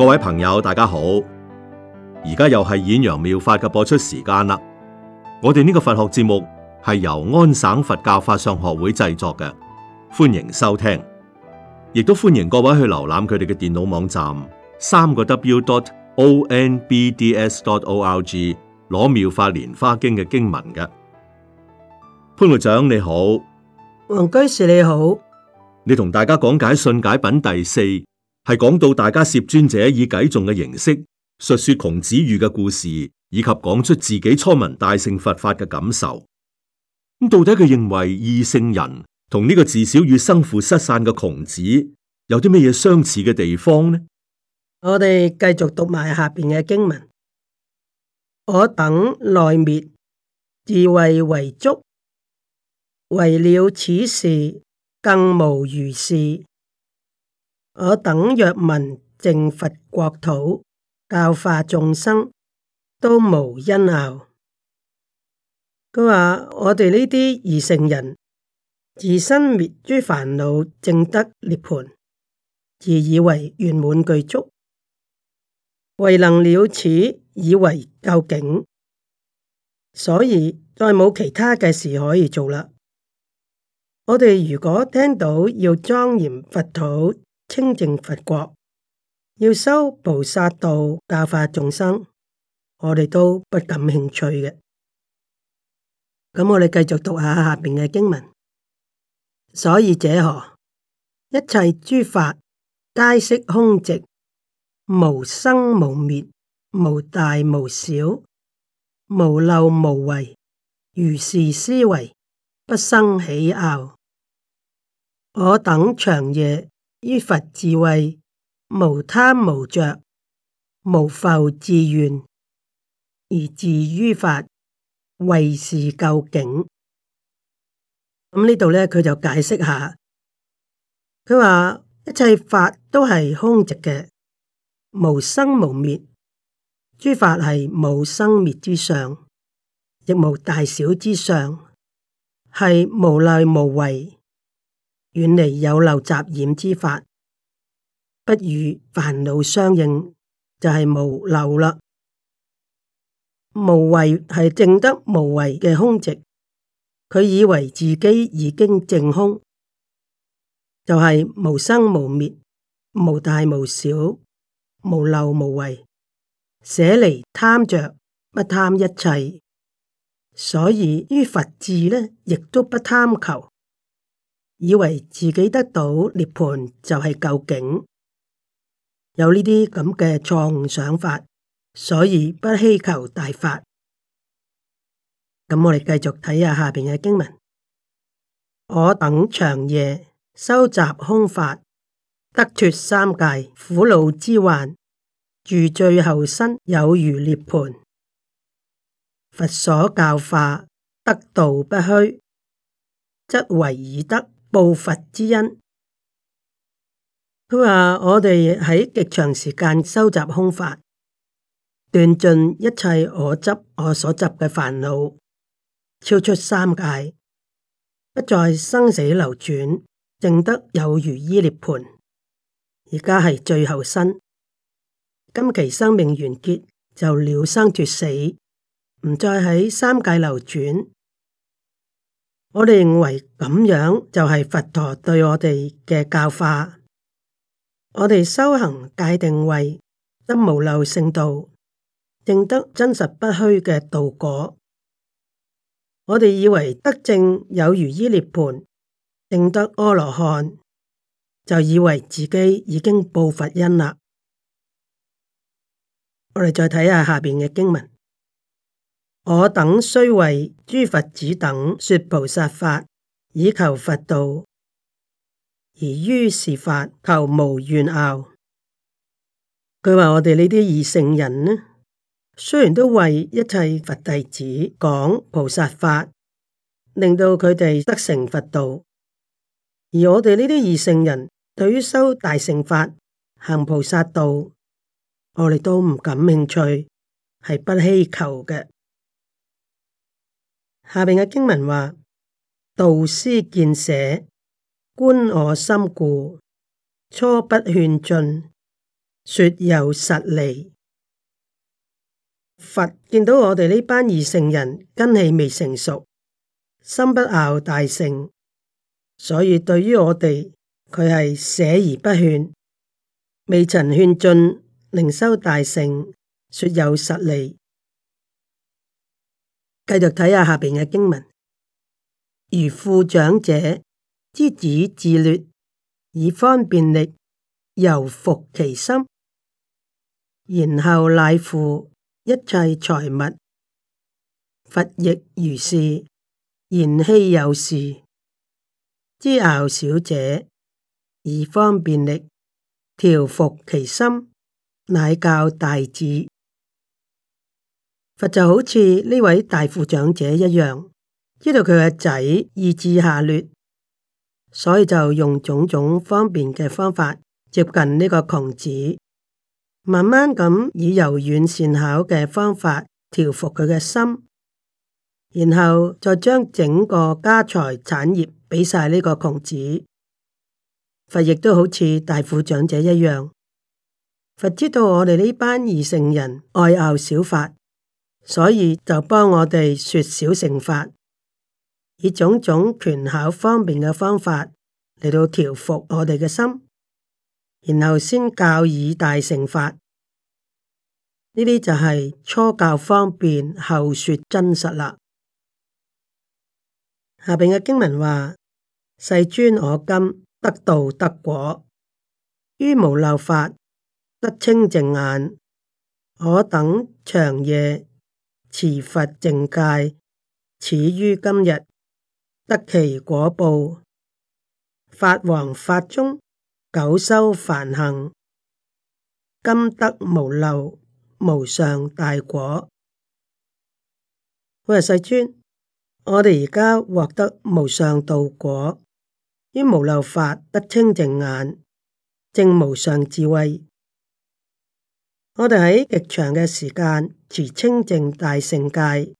各位朋友，大家好！而家又係演揚妙法嘅播出時間啦。我哋呢個佛學節目係由安省佛教法相學會製作嘅，歡迎收聽，亦都歡迎各位去瀏覽佢哋嘅電腦網站三個 W 點 O N B D S 點 O R G 攞妙法蓮花經嘅經文嘅。潘局長你好，黃居士你好，你同大家講解信解品第四。係講到大迦葉尊者以偈頌嘅形式述說窮子喻嘅故事，以及講出自己初聞大乘佛法嘅感受。咁到底佢認為二乘人同呢個自小與生父失散嘅窮子有啲咩嘢相似嘅地方呢？我哋繼續讀埋下邊嘅經文：我等內滅自謂為足，唯了此事更無餘事。我等若聞淨佛國土教化眾生，都無欣樂。佢話我哋呢啲二乘人，自身滅諸煩惱，證得涅槃，而以為圓滿具足，未能了此，以為究竟，所以再冇其他嘅事可以做啦。我哋如果聽到要莊嚴佛土，清淨佛國要修菩薩道教化眾生，我哋都不感興趣嘅。咁我哋繼續讀下下邊嘅經文。所以者何？一切諸法皆悉空寂，無生無滅，無大無小，無漏無為，如是思維，不生喜拗。我等長夜。於佛智慧，無貪無着，無復志願，而自於法謂是究竟。咁、嗯、呢度咧，佢就解釋下，佢話一切法都係空寂嘅，無生無滅，諸法係無生滅之相，亦無大小之相，係無賴無為。遠離有漏雜染之法，不與煩惱相應，就係、是、無漏啦。無為係正得無為嘅空寂，佢以為自己已經淨空，就係、是、無生無滅、無大無小、無漏無為，捨離貪着，不貪一切，所以於佛智呢，亦都不貪求。以為自己得到涅盤就係究竟，有呢啲咁嘅錯誤想法，所以不希求大法。咁我哋繼續睇下下邊嘅經文：我等長夜修習空法，得脫三界苦惱之患，住最後身，有餘涅槃。佛所教化，得道不虛，則為已得。布佛之因，佢話我哋喺極長時間收集空法，斷盡一切我執我所執嘅煩惱，超出三界，不再生死流轉，正得有如依涅盤而家係最後生，今期生命完結就了生絕死，唔再喺三界流轉。我哋認為咁樣就係佛陀對我哋嘅教化。我哋修行界定為一無漏聖道，認得真實不虛嘅道果。我哋以為得證有餘依涅槃，認得阿羅漢，就以為自己已經報佛恩啦。我哋再睇下下面嘅經文。我等雖為諸佛子等說菩薩法，以求佛道，而於是法求無願樂。佢話我哋呢啲二乘人呢，雖然都為一切佛弟子講菩薩法，令到佢哋得成佛道，而我哋呢啲二乘人對於修大乘法行菩薩道，我哋都唔感興趣，係不希求嘅。下面嘅經文話：導師見捨，觀我心故，初不勸進，說有實利。佛見到我哋呢班二乘人根器未成熟，心不拗大乘，所以對於我哋佢係捨而不勸，未曾勸進，令修大乘，說有實利。繼續睇下下邊嘅經文，如富長者之子自劣，以方便力，猶伏其心；然後乃付一切財物，佛亦如是。言希有事，之幼小者，以方便力調伏其心，乃教大智。佛就好似呢位大富長者一樣，知道佢嘅仔意志下劣，所以就用種種方便嘅方法接近呢個窮子，慢慢咁以柔軟善巧嘅方法調服佢嘅心，然後再將整個家財產業俾晒呢個窮子。佛亦都好似大富長者一樣，佛知道我哋呢班二乘人愛拗小法。所以就幫我哋說小乘法，以種種權巧方便嘅方法嚟到調伏我哋嘅心，然後先教以大乘法，呢啲就係初教方便，後說真實啦。下邊嘅經文話：世尊我今得道得果，於無漏法得清淨眼，我等長夜。持佛淨戒，始於今日，得其果報。法王法中久修梵行，今得無漏無上大果。我係世尊，我哋而家獲得無上道果，於無漏法得清淨眼，證無上智慧。我哋喺極長嘅時間持清淨大聖戒，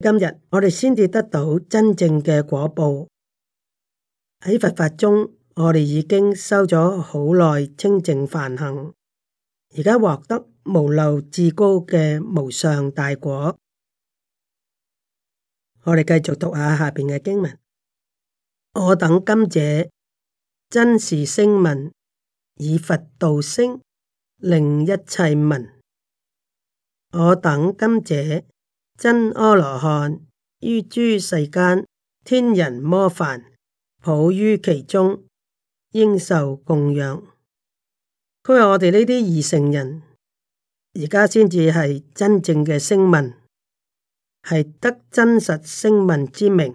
今日我哋先至得到真正嘅果報。喺佛法中，我哋已經修咗好耐清淨梵行,而家獲得無漏至高嘅無上大果。我哋繼續讀下下面嘅經文：我等今者真是聲聞，以佛道聲。令一切聞，我等今者真阿羅漢於諸世間天人魔梵，普於其中，應受供養。佢話我哋呢啲二乘人，而家先至係真正嘅聲聞，係得真實聲聞之名，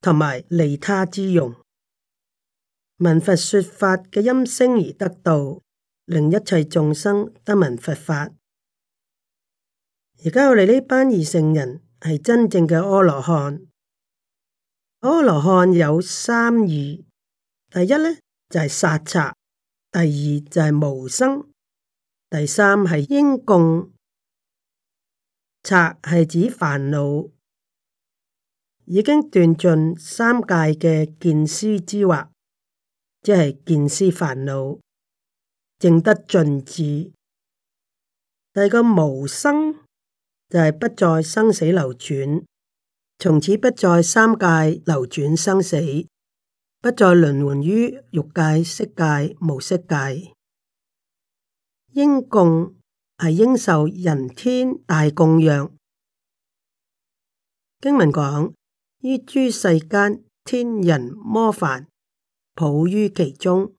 同埋利他之用，聞佛說法嘅音聲而得道。令一切眾生得聞佛法。而家我哋呢班二乘人係真正嘅阿羅漢。阿羅漢有三義：第一咧就係殺賊，第二就係無生，第三係應供。賊係指煩惱，已經斷盡三界嘅見思之惑，即係見思煩惱。正得盡智，就係個無生，就係、是、不再生死流轉，從此不再三界流轉生死，不再輪換於欲界、色界、無色界。應供係應受人天大供養。經文講於諸世間，天人魔梵，普於其中，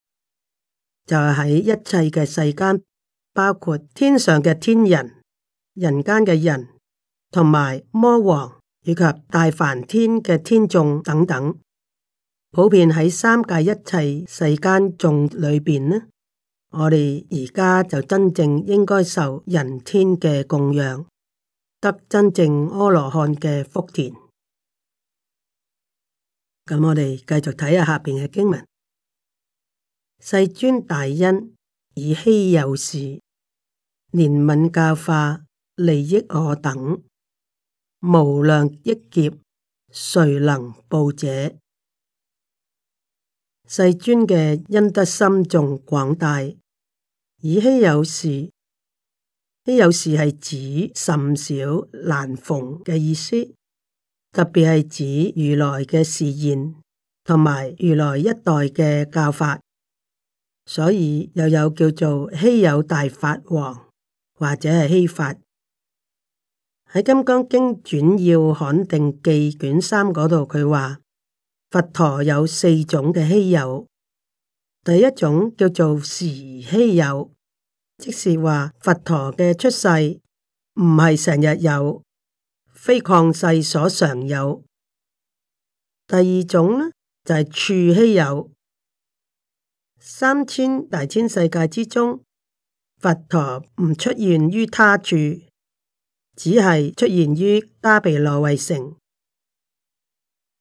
就係喺一切嘅世間，包括天上嘅天人、人間嘅人，同埋魔王以及大梵天嘅天眾等等，普遍喺三界一切世間眾裏面呢，我哋而家就真正應該受人天嘅供養，得真正阿羅漢嘅福田。咁我哋繼續睇下下面嘅經文。世尊大恩，以稀有事憐憫教化利益我等，無量億劫，誰能報者？世尊嘅恩德深重廣大，以稀有事，稀有事係指甚少難逢嘅意思，特別係指如來嘅示現，同埋如來一代嘅教法。所以又有叫做稀有大法王或者係稀法。喺金剛經轉要刊定記卷三嗰度，佢話佛陀有四種嘅稀有，第一種叫做時稀有，即是話佛陀嘅出世唔係成日有，非曠世所常有。第二種呢，就係處稀有。三千大千世界之中，佛陀唔出現於他處，只係出現於迦毗羅衛城。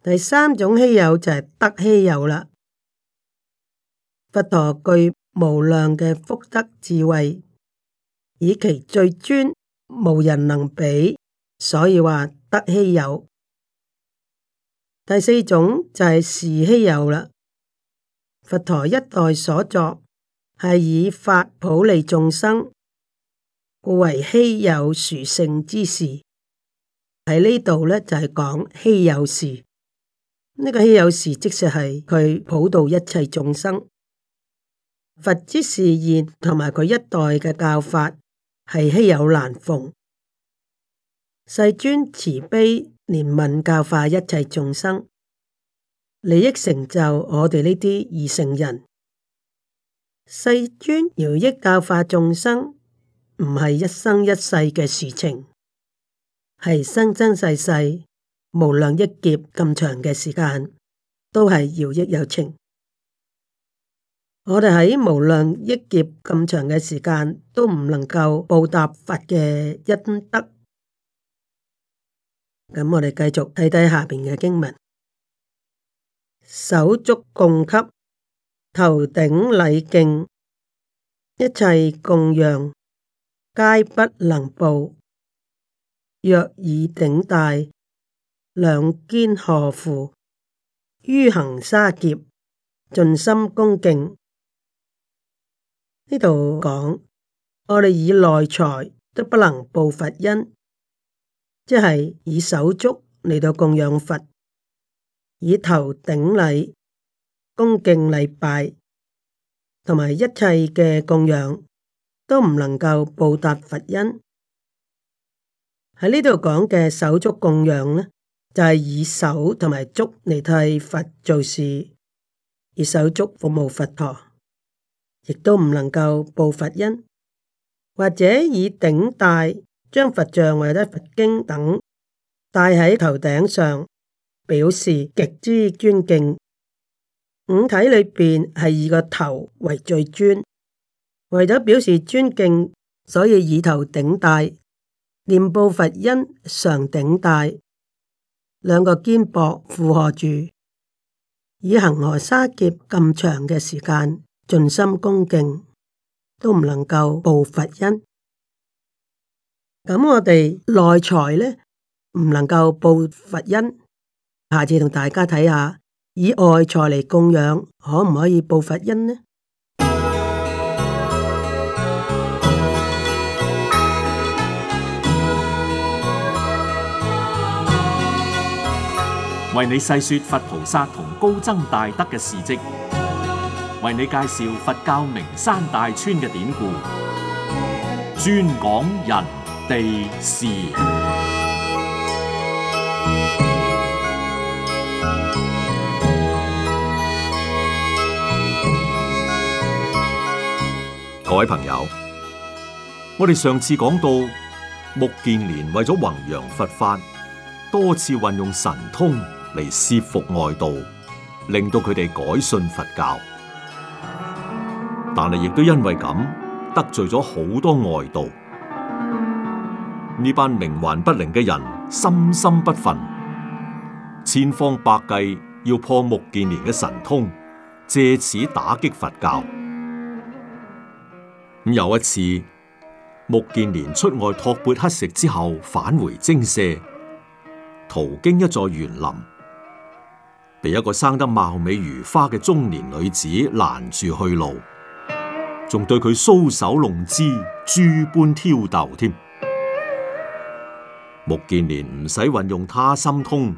第三種稀有就係德稀有啦，佛陀具無量嘅福德智慧，以其最尊，無人能比，所以話德稀有。第四種就係時稀有啦。佛陀一代所作係以法普利眾生，故為稀有殊勝之事。喺呢度咧就係、是、講稀有事。呢、這個稀有事，即使係佢普渡一切眾生，佛之示現同埋佢一代嘅教法係稀有難逢，世尊慈悲憐憫教化一切眾生。利益成就我哋呢啲二乘人，世尊饒益教化眾生，唔係一生一世嘅事情，係生生世世無量億劫咁長嘅時間，都係饒益有情。我哋喺無量億劫咁長嘅時間，都唔能夠報答佛嘅恩德。咁我哋繼續睇睇下邊嘅經文。手足供給，頭頂禮敬，一切供養皆不能報。若以頂戴，兩肩荷負，於恆沙劫，盡心恭敬。呢度講，我哋以內財都不能報佛恩，即係以手足嚟到供養佛。以頭頂禮、恭敬禮拜同埋一切嘅供養，都唔能夠報答佛恩。喺呢度講嘅手足供養呢，就係、是、以手同埋足嚟，替佛做事，以手足服務佛陀，亦都唔能夠報佛恩。或者以頂戴將佛像或者佛經等戴喺頭頂上。表示極之尊敬，五體裏邊係以個頭為最尊，為咗表示尊敬，所以以頭頂戴念報佛恩，常頂戴，兩個肩膊附合住，以恆河沙劫咁長嘅時間盡心恭敬，都唔能夠報佛恩。咁我哋內財呢，唔能夠報佛恩。下次同大家睇下，以外財嚟供養，可唔可以報佛恩呢？為你細說佛菩薩同高僧大德嘅事跡，為你介紹佛教名山大川嘅典故，專講人地事。各位朋友，我哋上次講到目犍連為咗弘揚佛法，多次運用神通嚟攝服外道，令到佢哋改信佛教。但係亦都因為咁得罪咗好多外道，呢班冥頑不靈嘅人心心不忿，千方百計要破目犍連嘅神通，借此打擊佛教。咁有一次，目犍連出外托缽乞食之後，返回精舍，途經一座園林，被一個生得貌美如花嘅中年女子攔住去路，仲對佢搔首弄姿、諸般挑逗添。目犍連唔使運用他心通，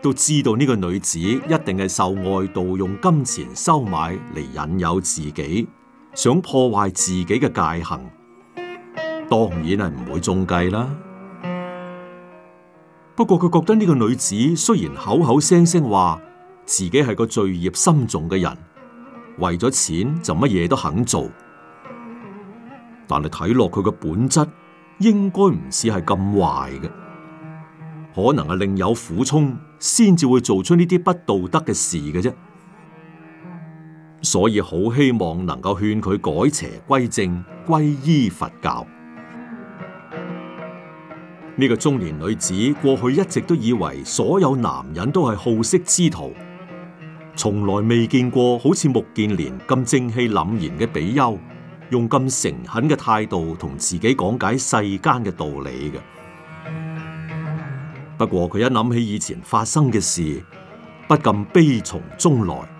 都知道呢個女子一定係受外道用金錢收買嚟引誘自己。想破壞自己嘅戒行，當然係唔會中計啦。不過佢覺得呢個女子雖然口口聲聲話自己係個罪孽深重嘅人，為咗錢就乜嘢都肯做，但係睇落，佢嘅本質，應該唔似係咁壞嘅，可能係另有苦衷，先至會做出呢啲不道德嘅事嘅啫。所以好希望能夠勸佢改邪歸正，皈依佛教。呢個中年女子過去一直都以為所有男人都係好色之徒，從來未見過好似目犍連咁正氣凜然嘅比丘，用咁誠懇嘅態度同自己講解世間嘅道理嘅。不過佢一諗起以前發生嘅事，不禁悲從中來。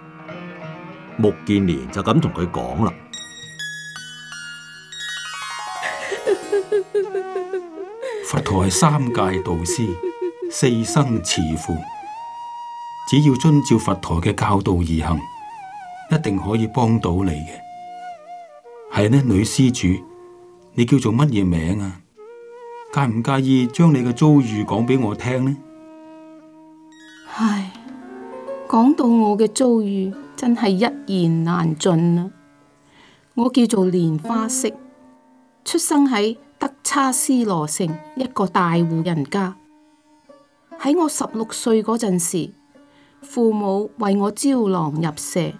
目犍連就咁同佢講啦：佛陀係三界導師，四生慈父，只要遵照佛陀嘅教導而行，一定可以幫到你嘅。係呢，女施主，你叫做乜嘢名啊？介唔介意將你嘅遭遇講俾我聽呢？唉，講到我嘅遭遇。真係一言難盡啦！我叫做蓮花色，出生喺德差斯羅城一個大戶人家。喺我十六歲嗰陣時，父母為我招郎入舍，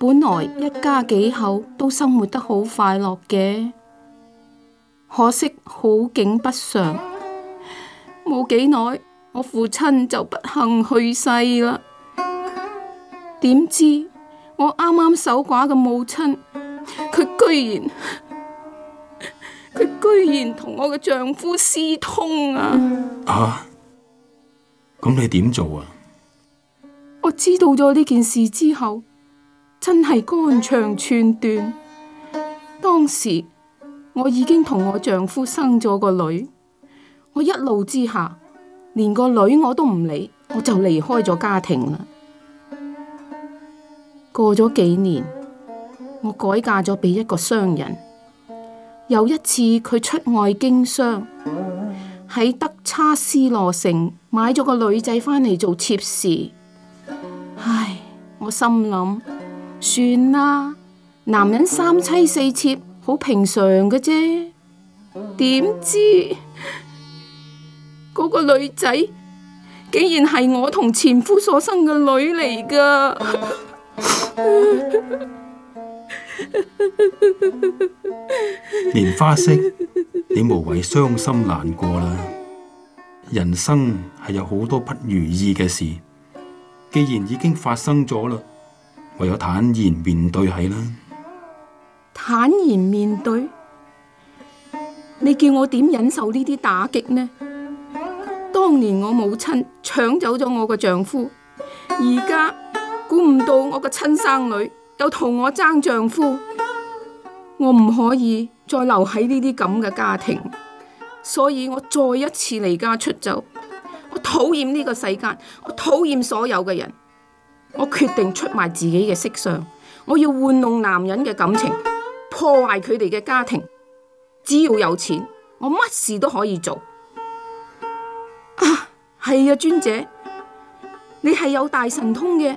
本來一家幾口都生活得好快樂嘅。可惜好景不常。冇幾耐，我父親就不幸去世啦。點知我啱啱守寡嘅母親，佢居然佢居然同我嘅丈夫私通啊！吓，咁你點做啊？我知道咗呢件事之後，真係肝腸寸斷。當時我已經同我丈夫生咗個女，我一怒之下，連個女我都唔理，我就離開咗家庭啦。過咗幾年，我改嫁咗俾一個商人。有一次佢出外經商，喺德差斯羅城買咗個女仔翻嚟做妾侍。唉，我心諗算啦，男人三妻四妾好平常嘅啫。點知嗰個女仔竟然係我同前夫所生嘅女嚟噶。蓮 花色，你無謂傷心難過啦。人生係有好多不如意嘅事，既然已經發生咗啦，唯有坦然面對係啦。坦然面對，你叫我點忍受呢啲打擊呢？當年我母親搶走咗我個丈夫，而家。估唔到我個親生女又同我爭丈夫，我唔可以再留喺呢啲咁嘅家庭，所以我再一次離家出走。我討厭呢個世界，我討厭所有嘅人，我決定出賣自己嘅色相，我要玩弄男人嘅感情，破壞佢哋嘅家庭。只要有錢，我乜事都可以做。啊，係啊，尊者，你係有大神通嘅。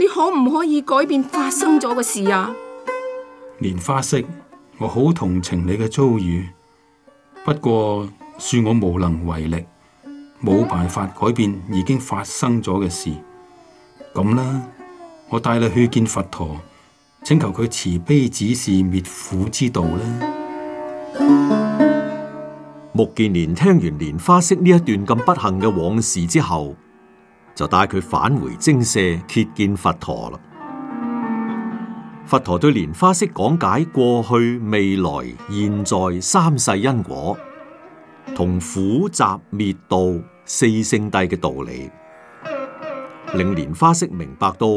你可唔可以改變發生咗嘅事啊？蓮花色，我好同情你嘅遭遇，不過恕我無能為力，冇辦法改變已經發生咗嘅事。咁啦，我帶你去見佛陀，請求佢慈悲指示滅苦之道啦。目犍連聽完蓮花色呢一段咁不幸嘅往事之後。就帶佢返回精舍，謁見佛陀啦。佛陀對蓮花色講解過去、未來、現在三世因果，同苦集滅道四聖諦嘅道理，令蓮花色明白到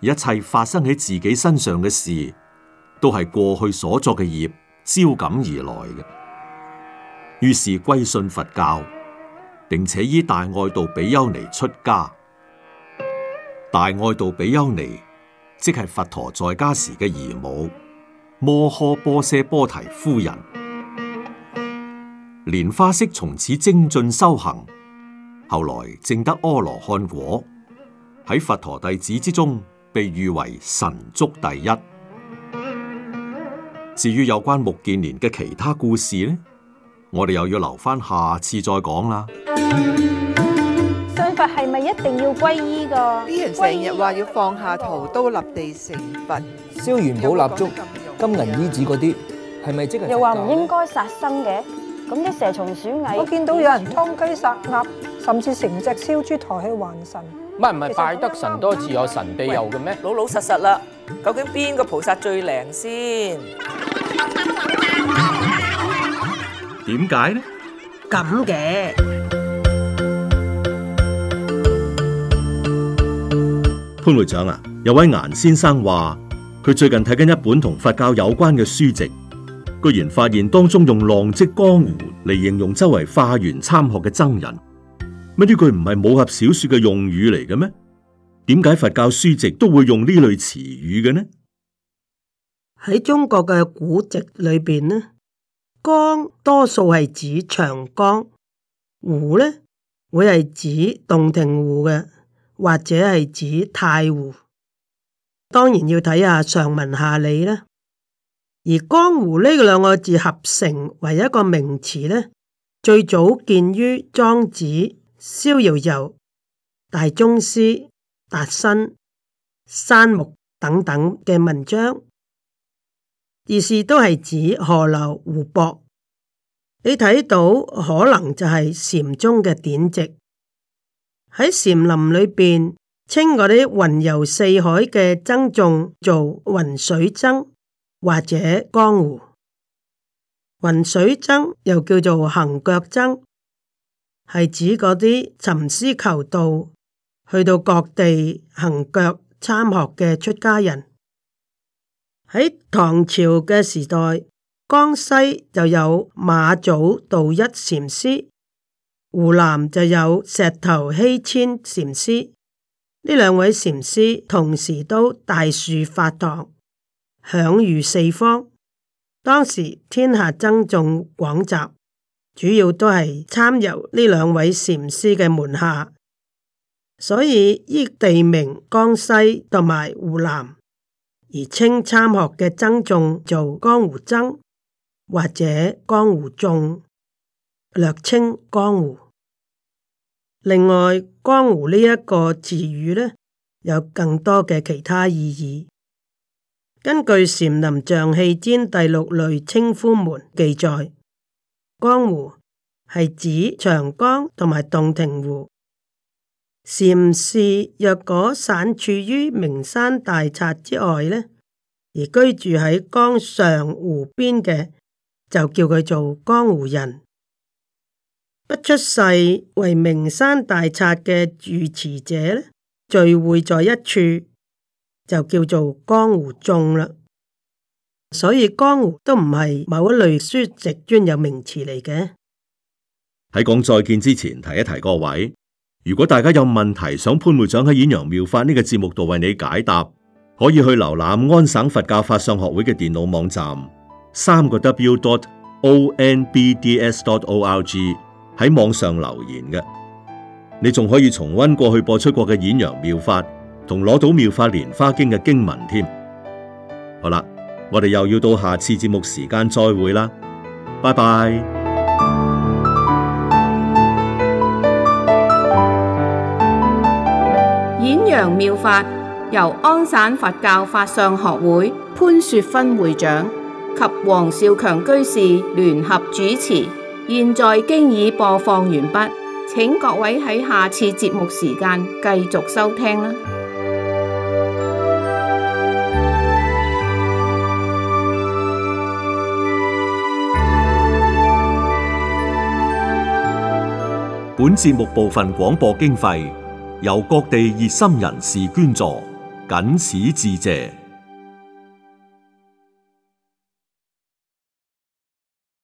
一切發生喺自己身上嘅事，都係過去所作嘅業招感而來嘅。於是歸信佛教。並且依大愛道比丘尼出家，大愛道比丘尼即係佛陀在家時嘅姨母摩訶波舍波提夫人，蓮花色從此精進修行，後來證得阿羅漢果，喺佛陀弟子之中被譽為神足第一。至於有關目犍連嘅其他故事呢，我哋又要留翻下，下次再講啦。信佛係咪一定要皈依噶？啲人成日話要放下屠刀立地成佛，燒元寶蠟燭、金銀衣紙嗰啲，係咪即係？又話唔應該殺生嘅，咁啲蛇蟲鼠蟻，我見到有人殺雞殺鴨，甚至成隻燒豬抬去還神。唔係唔係，拜得神多自有神庇佑嘅咩？老老實實啦，究竟邊個菩薩最靈先？點解呢？咁嘅。張會長啊，有位顏先生話，佢最近睇緊一本同佛教有關嘅書籍，居然發現當中用浪跡江湖嚟形容周圍化緣參學嘅僧人，乜呢句唔係武俠小說嘅用語嚟嘅咩？點解佛教書籍都會用呢類詞語嘅呢？喺中國嘅古籍裏邊呢，江多數係指長江，湖呢會係指洞庭湖嘅。或者係指太湖，當然要睇下上文下理啦。而江湖呢兩個字合成為一個名詞呢，最早見於莊子《逍遙遊》、大宗師、達生、山木等等嘅文章，意思都係指河流湖泊。你睇到可能就係禪宗嘅典籍。喺禪林裏邊，稱嗰啲雲遊四海嘅僧眾做雲水僧，或者江湖雲水僧，又叫做行腳僧，係指嗰啲尋師求道，去到各地行腳參學嘅出家人。喺唐朝嘅時代，江西就有馬祖道一禪師。湖南就有石頭希遷禪師，呢兩位禪師同時都大樹法堂，享譽四方。當時天下僧眾廣集，主要都係參遊呢兩位禪師嘅門下，所以以地名江西同埋湖南而稱參學嘅僧眾做江湖僧，或者江湖眾。略稱江湖。另外，江湖呢一個詞語呢，有更多嘅其他意義。根據《禪林象器箋》第六類稱呼門記載，江湖係指長江同埋洞庭湖。禪士若果散處於名山大剎之外呢，而居住喺江上湖邊嘅，就叫佢做江湖人。不出世為名山大刹嘅住持者咧，聚會在一處就叫做江湖中啦。所以江湖都唔係某一類書籍專有名詞嚟嘅。喺講再見之前，提一提各位，如果大家有問題想潘會長喺《演陽妙法》呢個節目度為你解答，可以去瀏覽安省佛教,教法相學會嘅電腦網站，三個 w dot o n b d s dot o r g。喺網上留言嘅，你仲可以重温過去播出過嘅演揚妙法同攞到妙法蓮華經嘅經文添。好啦，我哋又要到下次節目時間再會啦，拜拜。演揚妙法由安省佛教法相學會潘雪芬會長及黃少強居士聯合主持，現在經已播放完畢，請各位喺下次節目時間繼續收聽啦。本節目部分廣播經費由各地熱心人士捐助，謹此致謝。